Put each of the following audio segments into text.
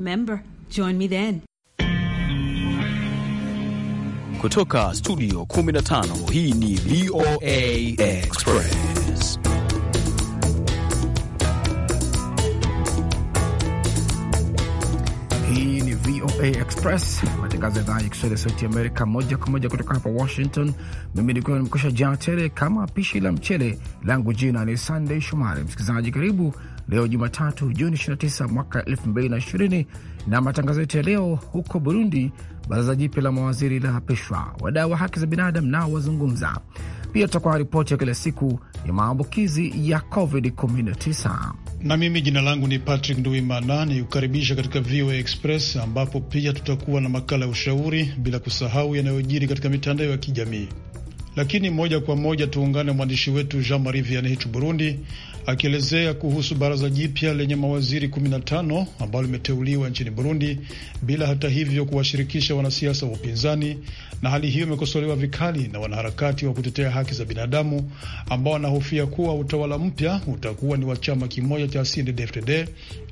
Member, join me then. Kutoka studio 15 hii ni VOA Express. Hii ni VOA Express, matangazo ya idhaa ya Kiswahili ya Sauti Amerika, moja kwa moja kutoka hapa Washington. Mimi nilikuwa nimekusha jaa tele kama pishi la mchele langu, jina ni Sunday Shomari. Msikilizaji, karibu leo Jumatatu Juni 29 mwaka 2020. Na matangazo yetu ya leo, huko Burundi baraza jipya la mawaziri linaapishwa, wadau wa haki za binadamu nao wazungumza. Pia tutakuwa na ripoti ya kila siku ya maambukizi ya COVID-19 na mimi jina langu ni Patrick Nduimana, ni kukaribisha katika VOA Express ambapo pia tutakuwa na makala ya ushauri, bila kusahau yanayojiri katika mitandao ya kijamii. Lakini moja kwa moja tuungane mwandishi wetu Jean Marie Vianney Burundi, Akielezea kuhusu baraza jipya lenye mawaziri 15 ambalo limeteuliwa nchini Burundi bila hata hivyo kuwashirikisha wanasiasa wa upinzani, na hali hiyo imekosolewa vikali na wanaharakati wa kutetea haki za binadamu ambao wanahofia kuwa utawala mpya utakuwa ni wa chama kimoja cha CNDD-FDD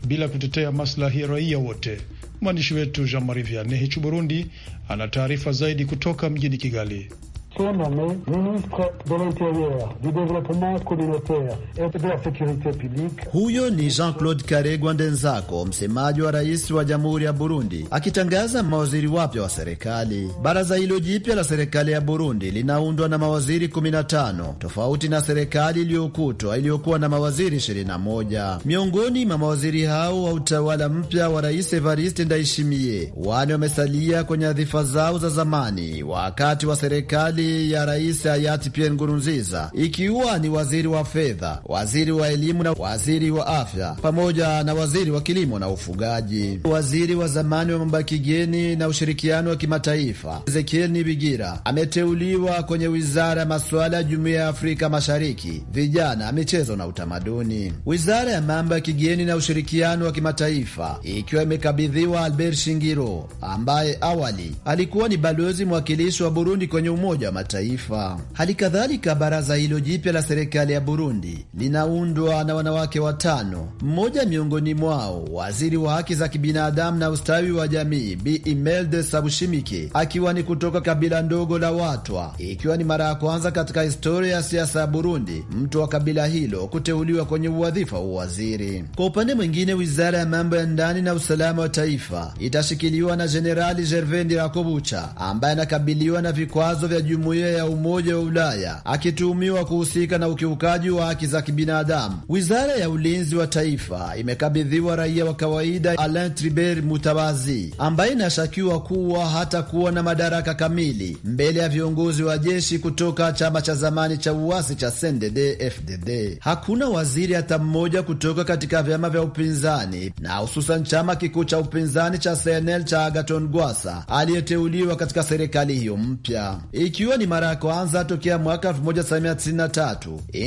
bila kutetea maslahi ya raia wote. Mwandishi wetu Jean Marie Vianney Hichu Burundi ana taarifa zaidi kutoka mjini Kigali sont nommés ministres de l'Intérieur, du Développement communautaire et de la Sécurité publique. Huyo ni Jean-Claude Karegwa Ndenzako, msemaji wa rais wa Jamhuri ya Burundi, akitangaza mawaziri wapya wa serikali. Baraza hilo jipya la serikali ya Burundi linaundwa na mawaziri 15 tofauti na serikali iliyokutwa iliyokuwa na mawaziri 21. Miongoni mwa mawaziri hao wa utawala mpya wa rais Evariste Ndayishimiye, wane wamesalia kwenye adhifa zao za zamani wakati wa serikali ya Rais hayati Pierre Nkurunziza, ikiwa ni waziri wa fedha, waziri wa elimu na waziri wa afya, pamoja na waziri wa kilimo na ufugaji. Waziri wa zamani wa mambo ya kigeni na ushirikiano wa kimataifa Ezekiel Nibigira ameteuliwa kwenye wizara ya masuala ya jumuiya ya Afrika Mashariki, vijana, michezo na utamaduni. Wizara ya mambo ya kigeni na ushirikiano wa kimataifa ikiwa imekabidhiwa Albert Shingiro ambaye awali alikuwa ni balozi mwakilishi wa Burundi kwenye Umoja Mataifa. Hali kadhalika, baraza hilo jipya la serikali ya Burundi linaundwa na wanawake watano, mmoja miongoni mwao waziri wa haki za kibinadamu na ustawi wa jamii Bi Imelde Sabushimike, akiwa ni kutoka kabila ndogo la Watwa, ikiwa ni mara ya kwanza katika historia ya siasa ya Burundi mtu wa kabila hilo kuteuliwa kwenye uwadhifa wa uwaziri. Kwa upande mwingine, wizara ya mambo ya ndani na usalama wa taifa itashikiliwa na Jenerali Gervendi Rakobucha ambaye anakabiliwa na vikwazo vya jumu jumuiya ya Umoja wa Ulaya akituhumiwa kuhusika na ukiukaji wa haki za kibinadamu. Wizara ya Ulinzi wa Taifa imekabidhiwa raia wa kawaida Alain Tribert Mutabazi ambaye inashakiwa kuwa hatakuwa na madaraka kamili mbele ya viongozi wa jeshi kutoka chama cha zamani cha uasi cha CNDD-FDD. Hakuna waziri hata mmoja kutoka katika vyama vya upinzani na hususan chama kikuu cha upinzani cha CNL cha Agaton Gwasa aliyeteuliwa katika serikali hiyo mpya ikiwa ikiwa ni mara ya kwanza tokea mwaka 1993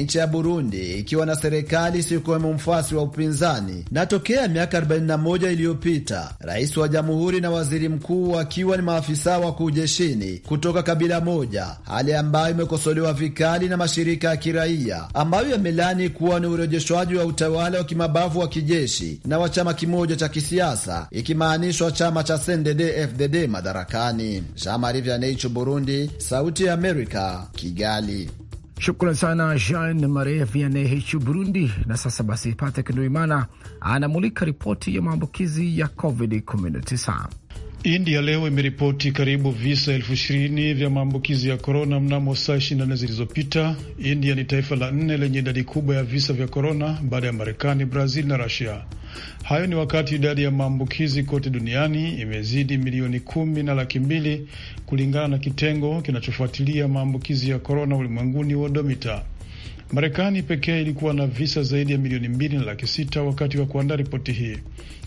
nchi ya Burundi ikiwa na serikali isiyokuwemo mfuasi wa upinzani, na tokea miaka 41 iliyopita rais wa jamhuri na waziri mkuu wakiwa ni maafisa wakuu jeshini kutoka kabila moja, hali ambayo imekosolewa vikali na mashirika ya kiraia ambayo yamelani kuwa ni urejeshwaji wa utawala wa kimabavu wa kijeshi na wa chama kimoja cha kisiasa, ikimaanishwa chama cha CNDD-FDD madarakani. Burundi, Sauti ya Amerika, Kigali. Shukran sana Jean Marie Vianney Hichu, Burundi. Na sasa basi, Patrick Nduimana anamulika ripoti ya maambukizi ya COVID-19. India leo imeripoti karibu visa elfu ishirini vya maambukizi ya korona mnamo saa 24 zilizopita. India ni taifa la nne lenye idadi kubwa ya visa vya korona baada ya Marekani, Brazil na Rusia. Hayo ni wakati idadi ya maambukizi kote duniani imezidi milioni kumi na laki mbili kulingana na kitengo kinachofuatilia maambukizi ya korona ulimwenguni, Wodomita. Marekani pekee ilikuwa na visa zaidi ya milioni mbili na laki sita wakati wa kuandaa ripoti hii.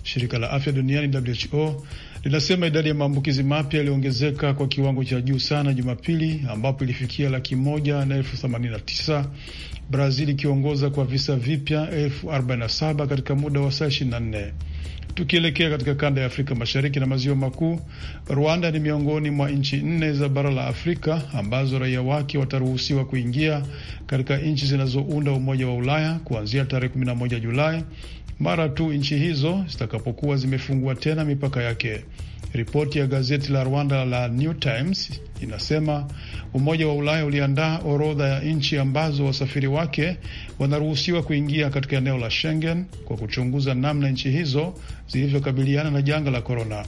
Shirika la afya duniani WHO linasema idadi ya maambukizi mapya iliongezeka kwa kiwango cha juu sana Jumapili, ambapo ilifikia laki moja na elfu themanini na tisa Brazil ikiongoza kwa visa vipya elfu katika muda wa saa 24. Tukielekea katika kanda ya Afrika Mashariki na Maziwa Makuu, Rwanda ni miongoni mwa nchi nne za bara la Afrika ambazo raia wake wataruhusiwa kuingia katika nchi zinazounda Umoja wa Ulaya kuanzia tarehe 11 Julai mara tu nchi hizo zitakapokuwa zimefungua tena mipaka yake. Ripoti ya gazeti la Rwanda la New Times inasema Umoja wa Ulaya uliandaa orodha ya nchi ambazo wasafiri wake wanaruhusiwa kuingia katika eneo la Schengen kwa kuchunguza namna nchi hizo zilivyokabiliana na janga la korona.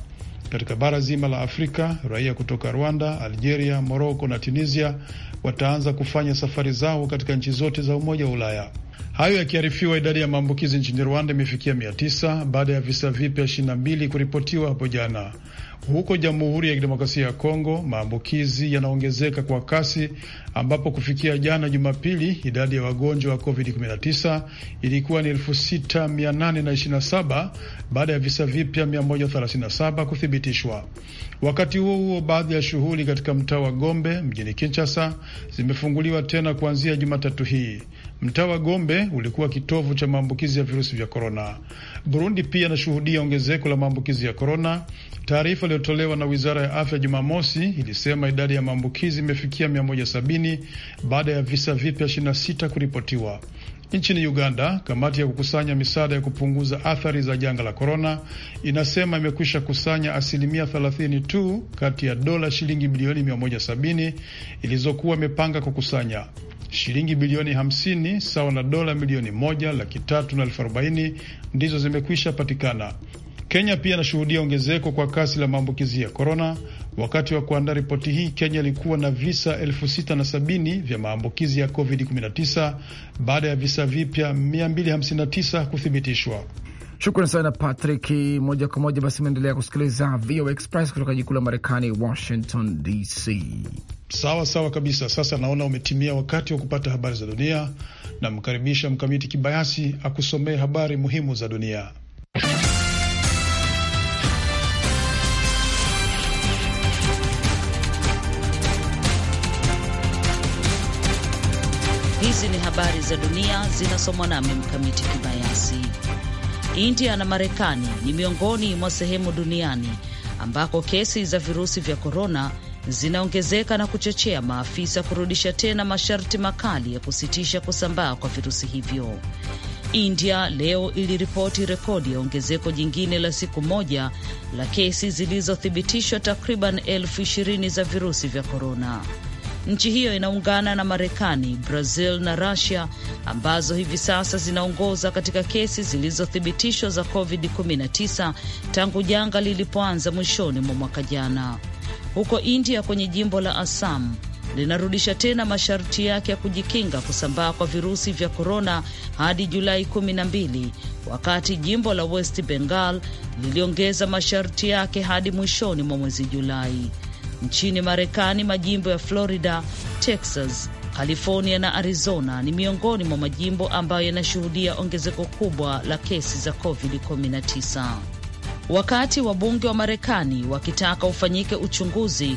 Katika bara zima la Afrika, raia kutoka Rwanda, Algeria, Moroko na Tunisia wataanza kufanya safari zao katika nchi zote za Umoja wa Ulaya. Hayo yakiarifiwa, idadi ya maambukizi nchini Rwanda imefikia mia tisa baada ya visa vipya 22 kuripotiwa hapo jana. Huko Jamhuri ya Kidemokrasia ya Kongo, maambukizi yanaongezeka kwa kasi, ambapo kufikia jana Jumapili idadi ya wagonjwa wa COVID-19 ilikuwa ni 6827 baada ya visa vipya 137 kuthibitishwa. Wakati huo huo, baadhi ya shughuli katika mtaa wa Gombe mjini Kinshasa zimefunguliwa tena kuanzia Jumatatu hii. Mtaa wa Gombe ulikuwa kitovu cha maambukizi ya virusi vya korona. Burundi pia inashuhudia ongezeko la maambukizi ya korona. Taarifa iliyotolewa na wizara ya afya Jumamosi ilisema idadi ya maambukizi imefikia 170 baada ya visa vipya 26 kuripotiwa. Nchini Uganda, kamati ya kukusanya misaada ya kupunguza athari za janga la korona inasema imekwisha kusanya asilimia 30 tu kati ya dola shilingi bilioni 170 ilizokuwa imepanga kukusanya. Shilingi bilioni 50 sawa na dola milioni moja laki tatu na elfu arobaini ndizo zimekwisha patikana. Kenya pia inashuhudia ongezeko kwa kasi la maambukizi ya korona. Wakati wa kuandaa ripoti hii, Kenya ilikuwa na visa elfu sita na sabini vya maambukizi ya COVID-19 baada ya visa vipya 259 kuthibitishwa. Shukran sana Patrick. Moja kwa moja basi, imeendelea kusikiliza VOA Express kutoka jikuu la Marekani, Washington DC. Sawa sawa kabisa. Sasa naona umetimia wakati wa kupata habari za dunia. Namkaribisha Mkamiti Kibayasi akusomee habari muhimu za dunia. Hizi ni habari za dunia zinasomwa nami Mkamiti Kibayasi. India na Marekani ni miongoni mwa sehemu duniani ambako kesi za virusi vya korona zinaongezeka na kuchochea maafisa kurudisha tena masharti makali ya kusitisha kusambaa kwa virusi hivyo. India leo iliripoti rekodi ya ongezeko jingine la siku moja la kesi zilizothibitishwa takriban elfu ishirini za virusi vya korona. Nchi hiyo inaungana na Marekani, Brazil na rusia ambazo hivi sasa zinaongoza katika kesi zilizothibitishwa za COVID-19 tangu janga lilipoanza mwishoni mwa mwaka jana huko India kwenye jimbo la Assam linarudisha tena masharti yake ya kujikinga kusambaa kwa virusi vya korona hadi Julai 12 wakati jimbo la West Bengal liliongeza masharti yake hadi mwishoni mwa mwezi Julai. Nchini Marekani, majimbo ya Florida, Texas, California na Arizona ni miongoni mwa majimbo ambayo yanashuhudia ongezeko kubwa la kesi za COVID-19. Wakati wabunge wa Marekani wakitaka ufanyike uchunguzi,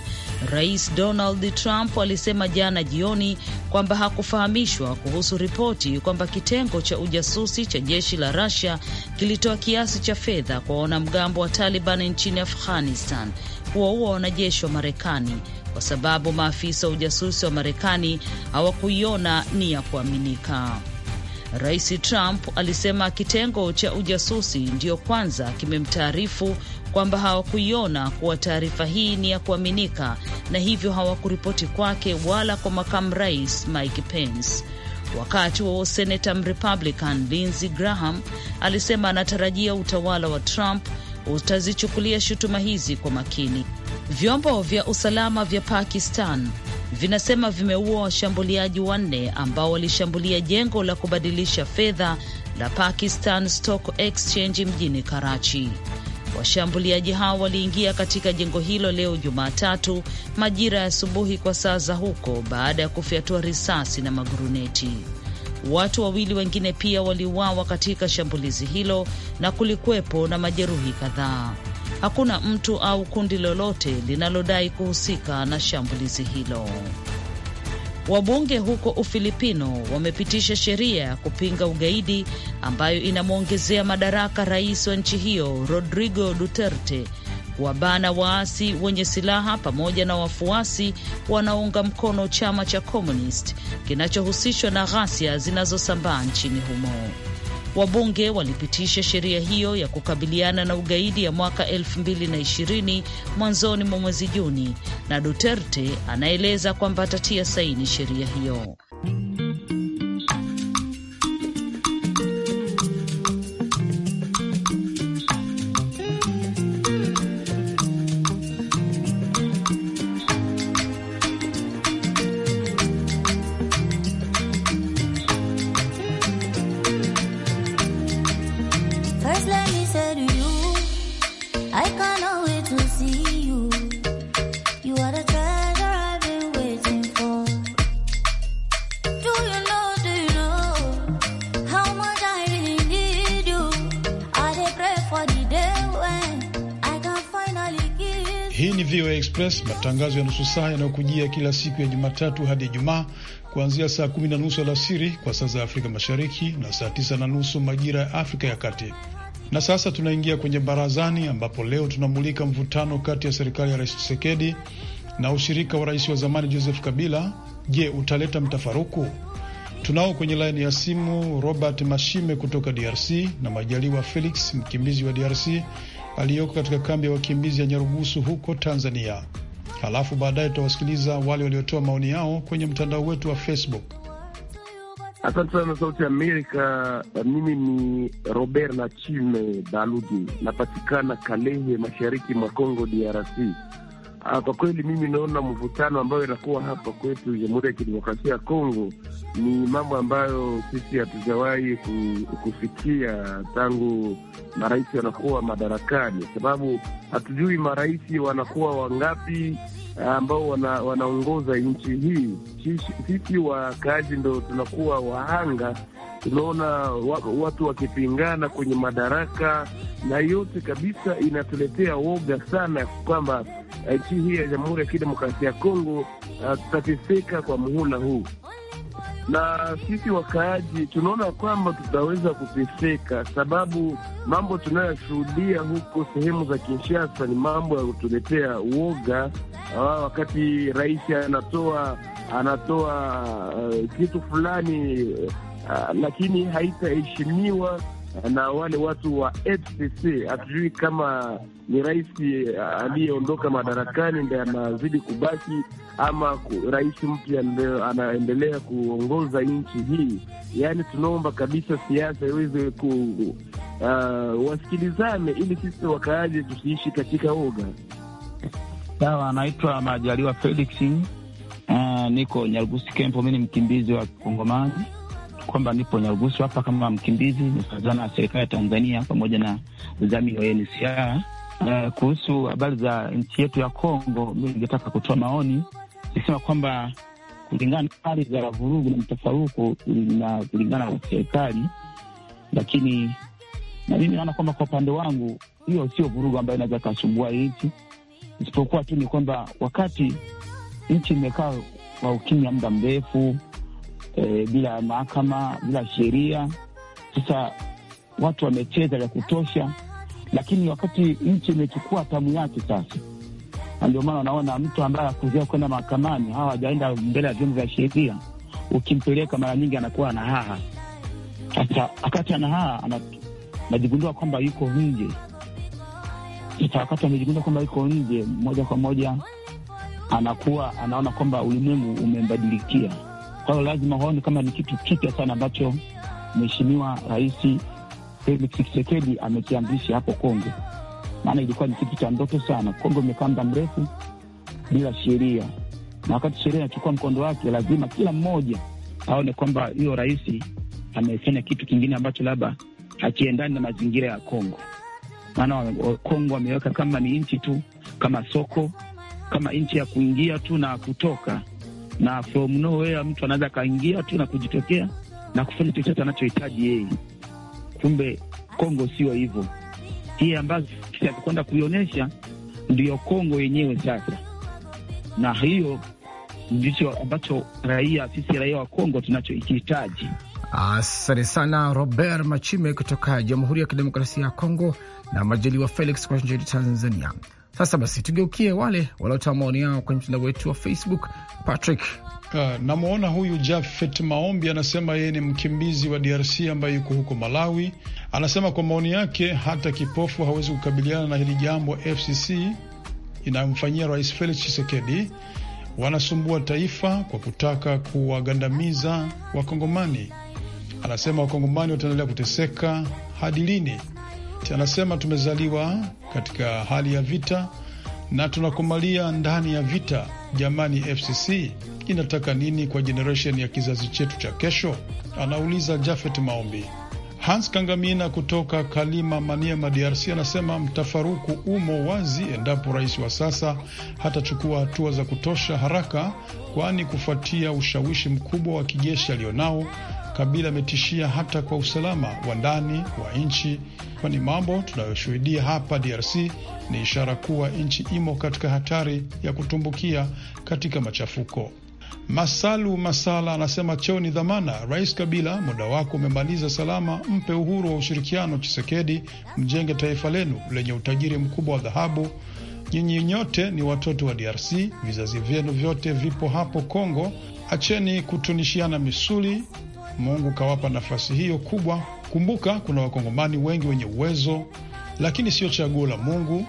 Rais Donald Trump alisema jana jioni kwamba hakufahamishwa kuhusu ripoti kwamba kitengo cha ujasusi cha jeshi la rasia kilitoa kiasi cha fedha kwa wanamgambo wa Taliban nchini Afghanistan kuwaua wanajeshi wa Marekani kwa sababu maafisa wa ujasusi wa Marekani hawakuiona ni ya kuaminika. Rais Trump alisema kitengo cha ujasusi ndiyo kwanza kimemtaarifu kwamba hawakuiona kuwa taarifa hii ni ya kuaminika na hivyo hawakuripoti kwake wala kwa makamu rais Mike Pence. Wakati wa seneta Mrepublican Lindsey Graham alisema anatarajia utawala wa Trump utazichukulia shutuma hizi kwa makini. Vyombo vya usalama vya Pakistan vinasema vimeua washambuliaji wanne ambao walishambulia jengo la kubadilisha fedha la Pakistan Stock Exchange mjini Karachi. Washambuliaji hao waliingia katika jengo hilo leo Jumatatu majira ya asubuhi kwa saa za huko baada ya kufyatua risasi na maguruneti. Watu wawili wengine pia waliuawa katika shambulizi hilo na kulikuwepo na majeruhi kadhaa. Hakuna mtu au kundi lolote linalodai kuhusika na shambulizi hilo. Wabunge huko Ufilipino wamepitisha sheria ya kupinga ugaidi ambayo inamwongezea madaraka rais wa nchi hiyo Rodrigo Duterte wabana waasi wenye silaha pamoja na wafuasi wanaunga mkono chama cha Communist kinachohusishwa na ghasia zinazosambaa nchini humo. Wabunge walipitisha sheria hiyo ya kukabiliana na ugaidi ya mwaka 2020 mwanzoni mwa mwezi Juni, na Duterte anaeleza kwamba atatia saini sheria hiyo. Express, matangazo ya nusu saa yanayokujia kila siku ya Jumatatu hadi Ijumaa kuanzia saa kumi na nusu alasiri kwa saa za Afrika Mashariki na saa tisa na nusu majira ya Afrika ya Kati. Na sasa tunaingia kwenye barazani, ambapo leo tunamulika mvutano kati ya serikali ya Rais Tshisekedi na ushirika wa rais wa zamani Joseph Kabila. Je, utaleta mtafaruku? Tunao kwenye laini ya simu Robert Mashime kutoka DRC na Majaliwa Felix, mkimbizi wa DRC aliyoko katika kambi ya wakimbizi ya Nyarugusu huko Tanzania. Halafu baadaye tutawasikiliza wale waliotoa maoni yao kwenye mtandao wetu wa Facebook. Asante sana Sauti Amerika. Mimi ni Robert Nachime Baludi, napatikana Kalehe, mashariki mwa Kongo DRC. Ah, kwa kweli mimi naona mvutano ambayo inakuwa hapa kwetu Jamhuri ya Kidemokrasia ya Kongo ni mambo ambayo sisi hatujawahi kufikia tangu marais wanakuwa madarakani, sababu hatujui marais wanakuwa wangapi ambao wana, wanaongoza nchi hii. Sisi wakaaji ndo tunakuwa wahanga, tunaona watu wakipingana kwenye madaraka na yote kabisa, inatuletea woga sana kwamba eh, nchi hii ya Jamhuri ya Kidemokrasia ya Kongo eh, tutateseka kwa muhula huu, na sisi wakaaji tunaona kwamba tutaweza kuteseka, sababu mambo tunayoshuhudia huko sehemu za Kinshasa ni mambo ya kutuletea woga uh, wakati rais anatoa anatoa uh, kitu fulani uh, lakini haitaheshimiwa eh, na wale watu wa FCC. Hatujui kama ni rais aliyeondoka madarakani ndiye anazidi kubaki ama rais mpya anaendelea kuongoza nchi hii. Yaani, tunaomba kabisa siasa iweze ku uh, wasikilizane ili sisi wakaaji tusiishi katika oga. Sawa, anaitwa Majaliwa Felix. Uh, niko Nyarugusi Kempo, mi ni mkimbizi wa Kongomani, kwamba nipo Nyarugusi hapa kama mkimbizi, nikazana na serikali ya Tanzania pamoja na zami ya UNHCR. Uh, eh, kuhusu habari za nchi yetu ya Kongo, mi ningetaka kutoa maoni nikisema kwamba kulingana na hali za vurugu na mtafaruku na kulingana na serikali, lakini na mimi naona kwamba kwa upande wangu hiyo sio vurugu ambayo inaweza kasumbua nchi isipokuwa tu ni kwamba wakati nchi imekaa kwa ukimya muda mrefu e, bila mahakama, bila sheria, sasa watu wamecheza vya kutosha, lakini wakati nchi imechukua tamu yake sasa, na ndio maana unaona mtu ambaye akuzia kwenda mahakamani, hawa wajaenda mbele ya vyombo vya sheria, ukimpeleka mara nyingi anakuwa anahaha. Sasa wakati anahaha anajigundua kwamba yuko nje sasa wakati amejikuta kwamba iko nje, moja kwa moja anakuwa anaona kwamba ulimwengu umembadilikia. Kwa hiyo lazima waone kama ni kitu kipya sana ambacho Mheshimiwa Rais Felix Tshisekedi amekianzisha hapo Kongo, maana ilikuwa ni kitu cha ndoto sana. Kongo imekaa muda mrefu bila sheria, na wakati sheria inachukua mkondo wake, lazima kila mmoja aone kwamba hiyo rais amefanya kitu kingine ambacho labda hakiendani na mazingira ya Kongo maana eh, Kongo wameweka kama ni nchi tu kama soko kama nchi ya kuingia tu na kutoka, na from nowhere mtu anaweza akaingia tu na kujitokea na kufanya chochote anachohitaji yeye. Kumbe Kongo sio hivyo, hii ambazo akikwenda kuionyesha ndiyo Kongo yenyewe sasa, na hiyo ndicho ambacho raia sisi raia wa Kongo tunachokihitaji. Asante sana Robert Machime kutoka Jamhuri ya Kidemokrasia ya Kongo na Majaliwa Felix kwa nchini Tanzania. Sasa basi tugeukie wale waliotoa maoni yao kwenye mtandao wetu wa Facebook. Patrick namwona huyu Jafet Maombi anasema yeye ni mkimbizi wa DRC ambaye yuko huko Malawi. Anasema kwa maoni yake, hata kipofu hawezi kukabiliana na hili jambo FCC inayomfanyia Rais Felix chisekedi Wanasumbua taifa kwa kutaka kuwagandamiza Wakongomani. Anasema Wakongomani wataendelea kuteseka hadi lini? Anasema tumezaliwa katika hali ya vita na tunakomalia ndani ya vita. Jamani, FCC inataka nini kwa jeneresheni ya kizazi chetu cha kesho? Anauliza Jafet Maombi. Hans Kangamina kutoka Kalima, Maniema, DRC anasema mtafaruku umo wazi endapo rais wa sasa hatachukua hatua za kutosha haraka, kwani kufuatia ushawishi mkubwa wa kijeshi alionao, Kabila ametishia hata kwa usalama wa ndani wa nchi, kwani mambo tunayoshuhudia hapa DRC ni ishara kuwa nchi imo katika hatari ya kutumbukia katika machafuko. Masalu Masala anasema cheo ni dhamana. Rais Kabila, muda wako umemaliza salama, mpe uhuru wa ushirikiano Chisekedi, mjenge taifa lenu lenye utajiri mkubwa wa dhahabu. Nyinyi nyote ni watoto wa DRC, vizazi vyenu vyote vipo hapo Kongo. Acheni kutunishiana misuli, Mungu kawapa nafasi hiyo kubwa. Kumbuka kuna wakongomani wengi wenye uwezo, lakini sio chaguo la Mungu.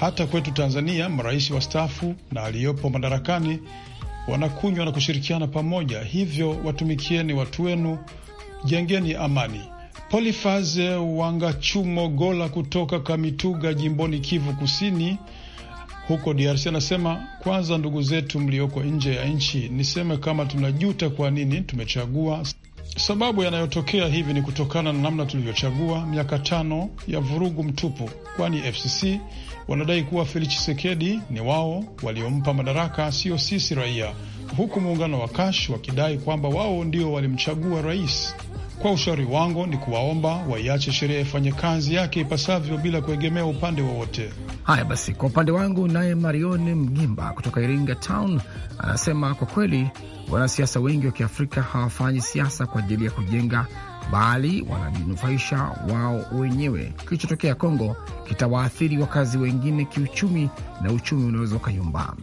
Hata kwetu Tanzania, marais wastaafu na aliyopo madarakani wanakunywa na kushirikiana pamoja. Hivyo watumikieni watu wenu, jengeni amani. Polifaze Wangachumo Gola kutoka Kamituga, jimboni Kivu Kusini, huko DRC anasema, kwanza ndugu zetu mlioko nje ya nchi, niseme kama tunajuta kwa nini tumechagua Sababu yanayotokea hivi ni kutokana na namna tulivyochagua miaka tano ya vurugu mtupu, kwani FCC wanadai kuwa Felix chisekedi ni wao waliompa madaraka, sio sisi raia, huku muungano wa Kash wakidai kwamba wao ndio walimchagua rais. Kwa ushauri wangu ni kuwaomba waiache sheria ifanye kazi yake ipasavyo bila kuegemea upande wowote. Haya basi, kwa upande wangu, naye Marion Mgimba kutoka Iringa Town anasema kwa kweli wanasiasa wengi wa Kiafrika hawafanyi siasa kwa ajili ya kujenga, bali wanajinufaisha wao wenyewe. Kilichotokea Kongo kitawaathiri wakazi wengine kiuchumi, na uchumi unaweza ukayumba.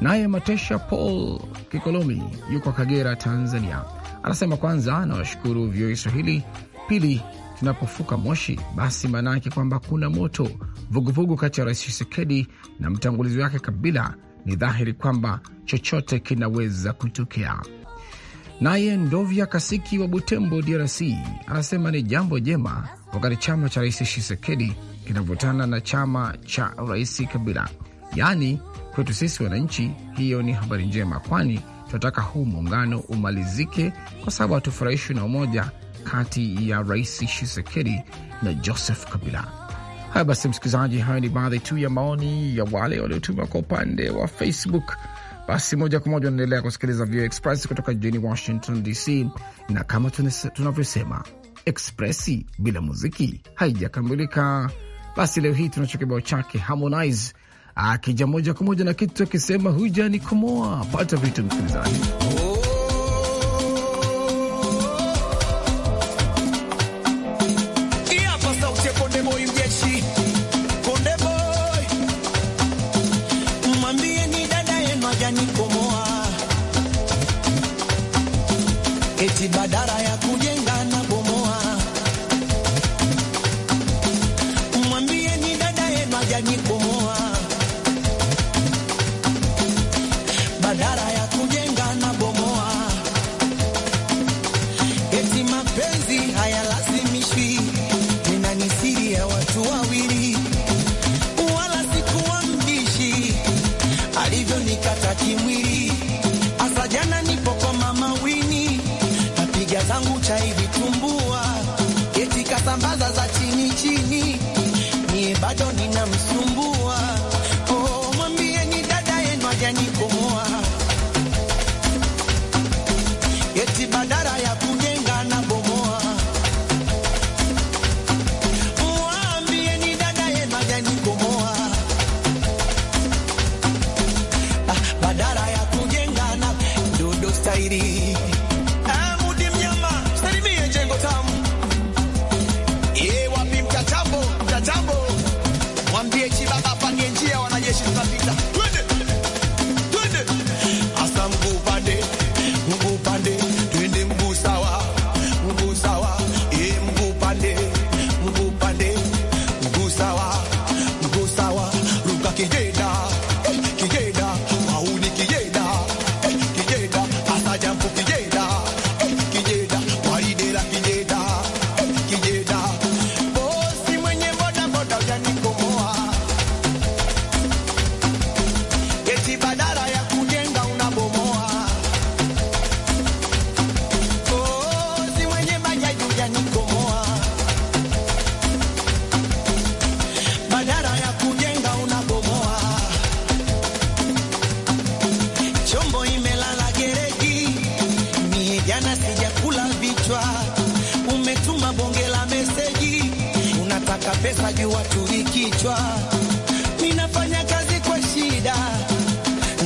Naye Matesha Paul Kikolomi yuko Kagera, Tanzania Anasema kwanza, nawashukuru vyo Swahili. Pili, tunapofuka moshi, basi maana yake kwamba kuna moto. Vuguvugu kati ya Rais Chisekedi na mtangulizi wake Kabila, ni dhahiri kwamba chochote kinaweza kutokea. Naye Ndovya Kasiki wa Butembo, DRC, anasema ni jambo jema wakati chama cha Rais Chisekedi kinavutana na chama cha Rais Kabila. Yaani kwetu sisi wananchi, hiyo ni habari njema, kwani tunataka huu muungano umalizike kwa sababu hatufurahishwi na umoja kati ya Rais Tshisekedi na Joseph Kabila. Haya basi, msikilizaji, hayo ni baadhi tu ya maoni ya wale waliotuma kwa upande wa Facebook. Basi moja kwa moja unaendelea kusikiliza VOA Express kutoka jijini Washington DC, na kama tunavyosema ekspresi bila muziki haijakamilika. Basi leo hii tunacho kibao chake Harmonize akija moja kwa moja na kitu akisema, huja ni pata vitu msikilizaji. I'm pesa juu watu ikichwa, ninafanya kazi kwa shida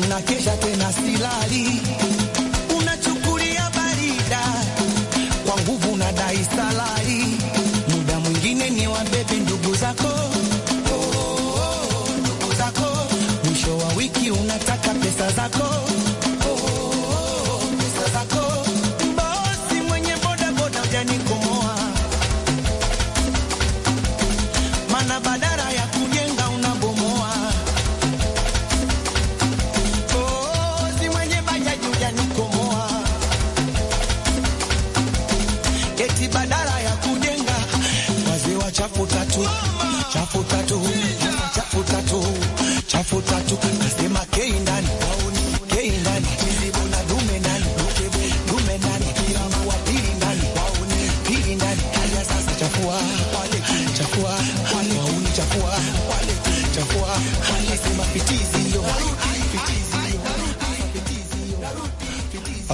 na kesha tena silali, unachukulia barida kwa nguvu na dai salari, muda mwingine ni wabebe ndugu zako oh, oh, oh, ndugu zako, mwisho wa wiki unataka pesa zako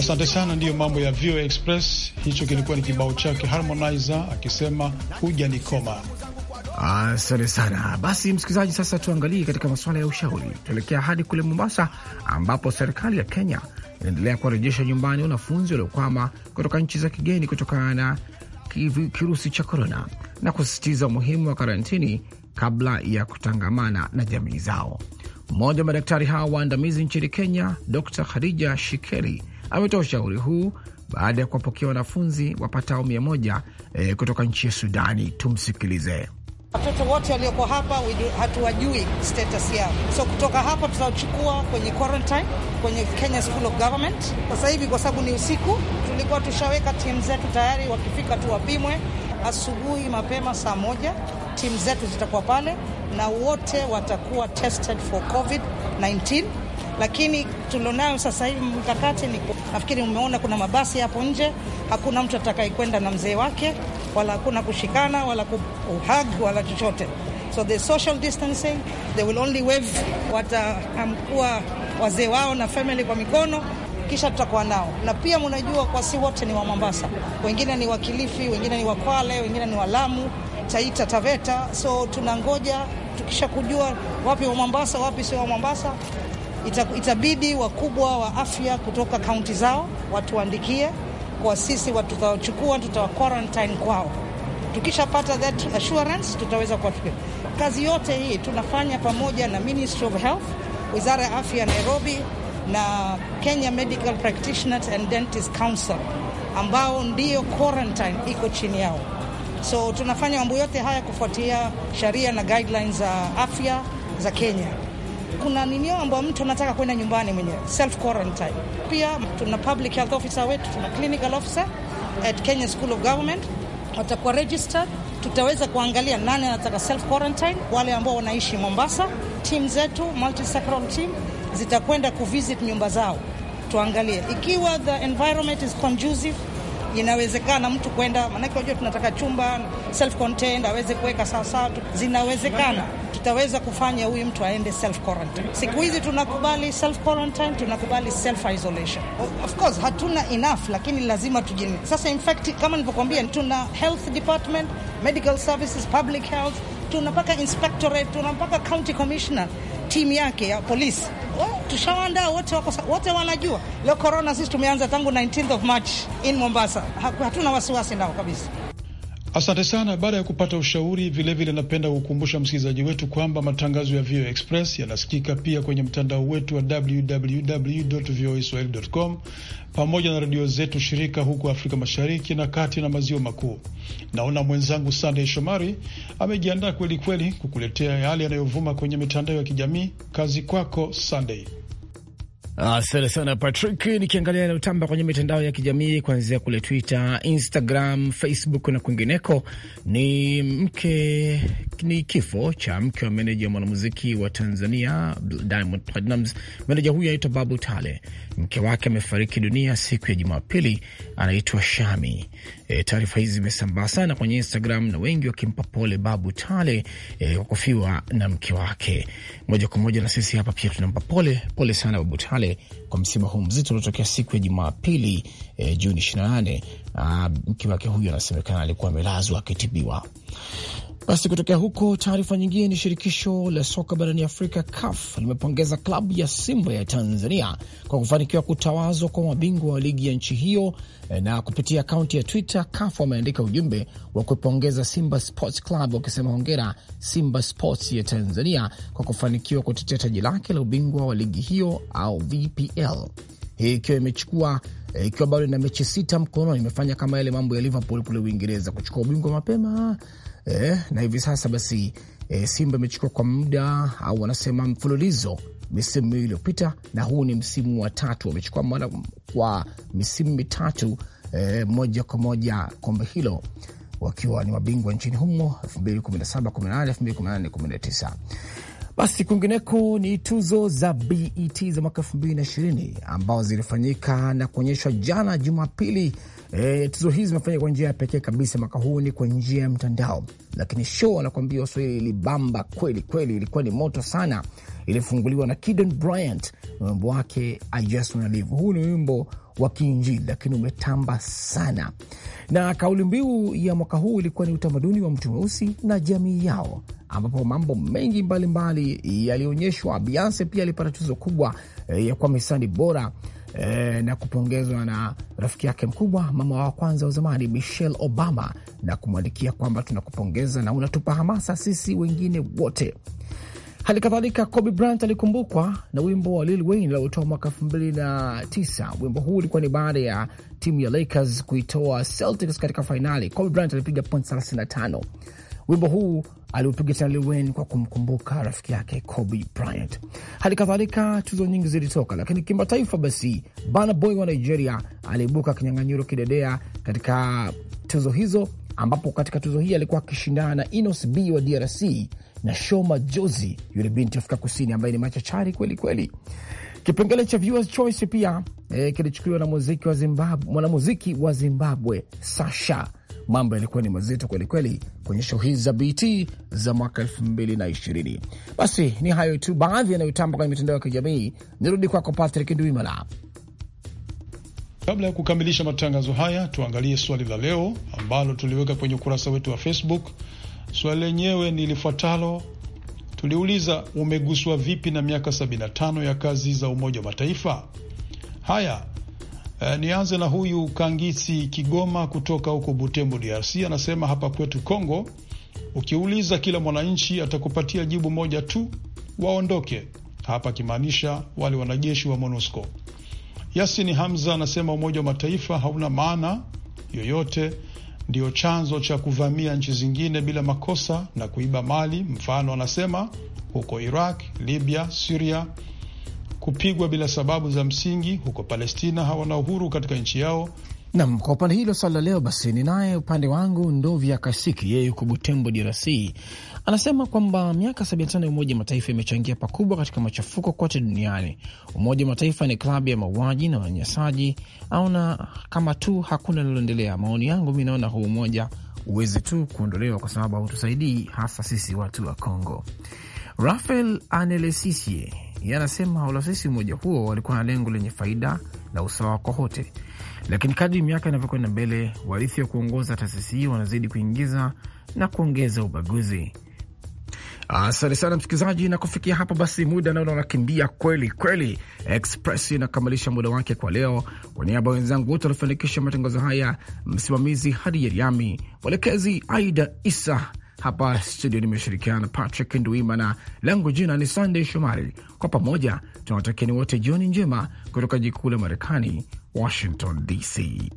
Asante sana, ndiyo mambo ya VOA Express. Hicho kilikuwa ni kibao chake Harmonizer akisema huja ni koma Asante sana. Basi msikilizaji, sasa tuangalie katika masuala ya ushauri. Tuelekea hadi kule Mombasa, ambapo serikali ya Kenya inaendelea kuwarejesha nyumbani wanafunzi waliokwama kutoka nchi za kigeni kutokana na kirusi cha korona na kusisitiza umuhimu wa karantini kabla ya kutangamana na jamii zao. Mmoja wa madaktari hao waandamizi nchini Kenya, Dr Khadija Shikeri ametoa ushauri huu baada ya kuwapokea wanafunzi wapatao mia moja e, kutoka nchi ya Sudani. Tumsikilize. Watoto wote walioko hapa hatuwajui status yao, so kutoka hapa tutachukua kwenye quarantine kwenye Kenya School of Government sasa hivi, kwa sababu ni usiku. Tulikuwa tushaweka timu zetu tayari, wakifika tu wapimwe asubuhi mapema saa moja. Timu zetu zitakuwa pale na wote watakuwa tested for covid lakini tulionayo sasa hivi mkakati ni nafikiri, umeona kuna mabasi hapo nje, hakuna mtu atakayekwenda na mzee wake, wala hakuna kushikana wala kuhag wala chochote. So the social distancing, they will only wave, uh, um, wataamkua wazee wao na family kwa mikono kisha tutakuwa nao na pia, mnajua kwa si wote ni wa Mombasa, wengine ni wa Kilifi, wengine ni wa Kwale, wengine ni wa Lamu, Taita, Taveta. So tunangoja tukisha kujua wapi wa Mombasa, wapi sio wa Mombasa, ita, itabidi wakubwa wa afya kutoka kaunti zao watuandikie kwa sisi, tutawachukua tutawa quarantine kwao. Tukishapata that assurance tutaweza kuwafikia. Kazi yote hii tunafanya pamoja na Ministry of Health, wizara ya afya Nairobi na Kenya Medical Practitioners and Dentist Council ambao ndiyo quarantine iko chini yao. So tunafanya mambo yote haya kufuatia sheria na guidelines za afya za Kenya kuna ninio ambao mtu anataka kwenda nyumbani mwenyewe self quarantine. Pia tuna public health officer wetu, tuna clinical officer at Kenya School of Government, watakuwa registered. Tutaweza kuangalia nani anataka self quarantine, wale ambao wanaishi Mombasa. team zetu multi sectoral team zitakwenda kuvisit nyumba zao, tuangalie ikiwa the environment is conducive inawezekana mtu kwenda, maanake unajua tunataka chumba self contained aweze kuweka sawasawa, zinawezekana tutaweza kufanya huyu mtu aende self quarantine. Siku hizi tunakubali self quarantine, tunakubali self isolation. Of course hatuna enough, lakini lazima tujini. Sasa in fact, kama nilivyokuambia, tuna health department, medical services, public health, tuna mpaka inspectorate, tuna mpaka county commissioner, timu yake ya polisi tushawaandaa wote, wako wote wanajua. Leo corona sisi tumeanza tangu 19th of March in Mombasa, hatuna wasiwasi nao kabisa. Asante sana. Baada ya kupata ushauri, vilevile napenda kukumbusha msikilizaji wetu kwamba matangazo ya VOA Express yanasikika pia kwenye mtandao wetu wa www voa swahili com pamoja na redio zetu shirika huko Afrika Mashariki na kati na maziwa makuu. Naona mwenzangu Sandey Shomari amejiandaa kweli kweli kukuletea yale yanayovuma kwenye mitandao ya kijamii. Kazi kwako Sandey. Asante sana Patrick. Nikiangalia yanayotamba kwenye mitandao ya kijamii kuanzia kule Twitter, Instagram, Facebook na kwingineko, ni mke ni kifo cha mke wa meneja wa mwanamuziki wa Tanzania Diamond Platnumz. Meneja huyo anaitwa Babu Tale. Mke wake amefariki dunia siku ya Jumapili, anaitwa Shami. E, taarifa hizi zimesambaa sana kwenye Instagram na wengi wakimpa pole Babu Tale e, kwa e, kufiwa na mke wake. Moja kwa moja na sisi hapa pia tunampa pole pole sana Babu Tale kwa msiba huu mzito uliotokea siku ya Jumapili e, Juni 28. Ah, mke wake huyo anasemekana alikuwa amelazwa akitibiwa. Basi kutokea huko, taarifa nyingine ni shirikisho la soka barani Afrika, CAF, limepongeza klabu ya Simba ya Tanzania kwa kufanikiwa kutawazwa kwa mabingwa wa ligi ya nchi hiyo. Eh, na kupitia akaunti ya Twitter, CAF wameandika ujumbe wa kuipongeza Simba Sports Club wakisema hongera Simba Sports ya Tanzania kwa kufanikiwa kutetea taji lake la ubingwa wa ligi hiyo au VPL, hii ikiwa imechukua eh, ikiwa bado ina mechi sita mkononi. Imefanya kama yale mambo ya Liverpool kule Uingereza, kuchukua ubingwa mapema eh, na hivi sasa basi eh, Simba imechukua kwa muda au wanasema mfululizo misimu miwili iliyopita, na huu ni msimu wa tatu, wamechukua mara kwa misimu mitatu eh, moja kwa moja kombe hilo wakiwa ni wabingwa nchini humo 2017, 18, 2018, 19. Basi kwingineko ni tuzo za BET za mwaka 2020 ambazo zilifanyika na kuonyeshwa jana Jumapili E, tuzo hizi zimefanywa kwa njia ya pekee kabisa mwaka huu ni kwa njia ya mtandao, lakini show anakuambia Waswahili ilibamba kweli kweli, ilikuwa ni moto sana. Ilifunguliwa na Kiden Bryant na wimbo wake I Just Wanna Live. Huu ni wimbo wa Kiinjili lakini umetamba sana, na kauli mbiu ya mwaka huu ilikuwa ni utamaduni wa mtu mweusi na jamii yao, ambapo mambo mengi mbalimbali yalionyeshwa. Beyonce pia alipata tuzo kubwa e, ya kwa misani bora eh, na kupongezwa na rafiki yake mkubwa, mama wa kwanza wa zamani Michelle Obama, na kumwandikia kwamba tunakupongeza na unatupa hamasa sisi wengine wote. Hali kadhalika Kobe Bryant alikumbukwa na wimbo wa Lil Wayne aliotoa mwaka elfu mbili na tisa. Wimbo huu ulikuwa ni baada ya timu ya Lakers kuitoa Celtics katika fainali. Kobe Bryant alipiga point 35. Wimbo huu aliupiga tena Lewen kwa kumkumbuka rafiki yake Kobe Bryant. Hali kadhalika tuzo nyingi zilitoka, lakini kimataifa, basi Burna Boy wa Nigeria aliibuka kinyang'anyiro kidedea katika tuzo hizo, ambapo katika tuzo hii alikuwa akishindana na Inos B wa DRC na Shoma Jozi, yule binti Afrika Kusini ambaye ni machachari kweli kweli. Kipengele cha Viewers Choice pia eh, kilichukuliwa na mwanamuziki wa Zimbabwe, Zimbabwe Sasha mambo yalikuwa ni mazito kwelikweli kwenye show hizi za BT za mwaka elfu mbili na ishirini. Basi ni hayo tu baadhi yanayotamba kwenye mitandao ya kijamii. Nirudi kwako Patrick Ndwimala. Kabla ya kukamilisha matangazo haya, tuangalie swali la leo ambalo tuliweka kwenye ukurasa wetu wa Facebook. Swali lenyewe ni lifuatalo, tuliuliza umeguswa vipi na miaka 75 ya kazi za Umoja wa Mataifa? Haya, Uh, nianze na huyu Kangisi Kigoma kutoka huko Butembo, DRC. Anasema hapa kwetu congo ukiuliza kila mwananchi atakupatia jibu moja tu, waondoke hapa, akimaanisha wale wanajeshi wa MONUSCO. Yasini Hamza anasema Umoja wa Mataifa hauna maana yoyote, ndiyo chanzo cha kuvamia nchi zingine bila makosa na kuiba mali. Mfano anasema huko Iraq, Libya, Siria kupigwa bila sababu za msingi huko Palestina hawana uhuru katika nchi yao. Nam, kwa upande hilo swala leo basi ni naye upande wangu Ndovya Kasiki, yeye yuko Butembo, DRC, anasema kwamba miaka 75 ya Umoja Mataifa imechangia pakubwa katika machafuko kote duniani. Umoja wa Mataifa ni klabu ya mauaji na wanyanyasaji, aona kama tu hakuna linaloendelea. Maoni yangu mi naona huu umoja uweze tu kuondolewa kwa sababu hautusaidii hasa sisi watu wa Congo. Rafael Anelesisie yanasema ulasisi umoja huo walikuwa na lengo lenye faida na usawa kwa wote, lakini kadri miaka inavyokwenda mbele, warithi wa kuongoza taasisi hiyo wanazidi kuingiza na kuongeza ubaguzi. Asante sana msikilizaji, na kufikia hapo basi, muda naona unakimbia kweli kweli. Express inakamilisha muda wake kwa leo. Kwa niaba ya wenzangu wote waliofanikisha matangazo haya, msimamizi Hadi Yeriami, mwelekezi Aida Isa. Hapa studio nimeshirikiana na Patrick Ndwimana, langu jina ni Sandey Shomari. Kwa pamoja tunawatakieni wote jioni njema kutoka jikuu la Marekani, Washington DC.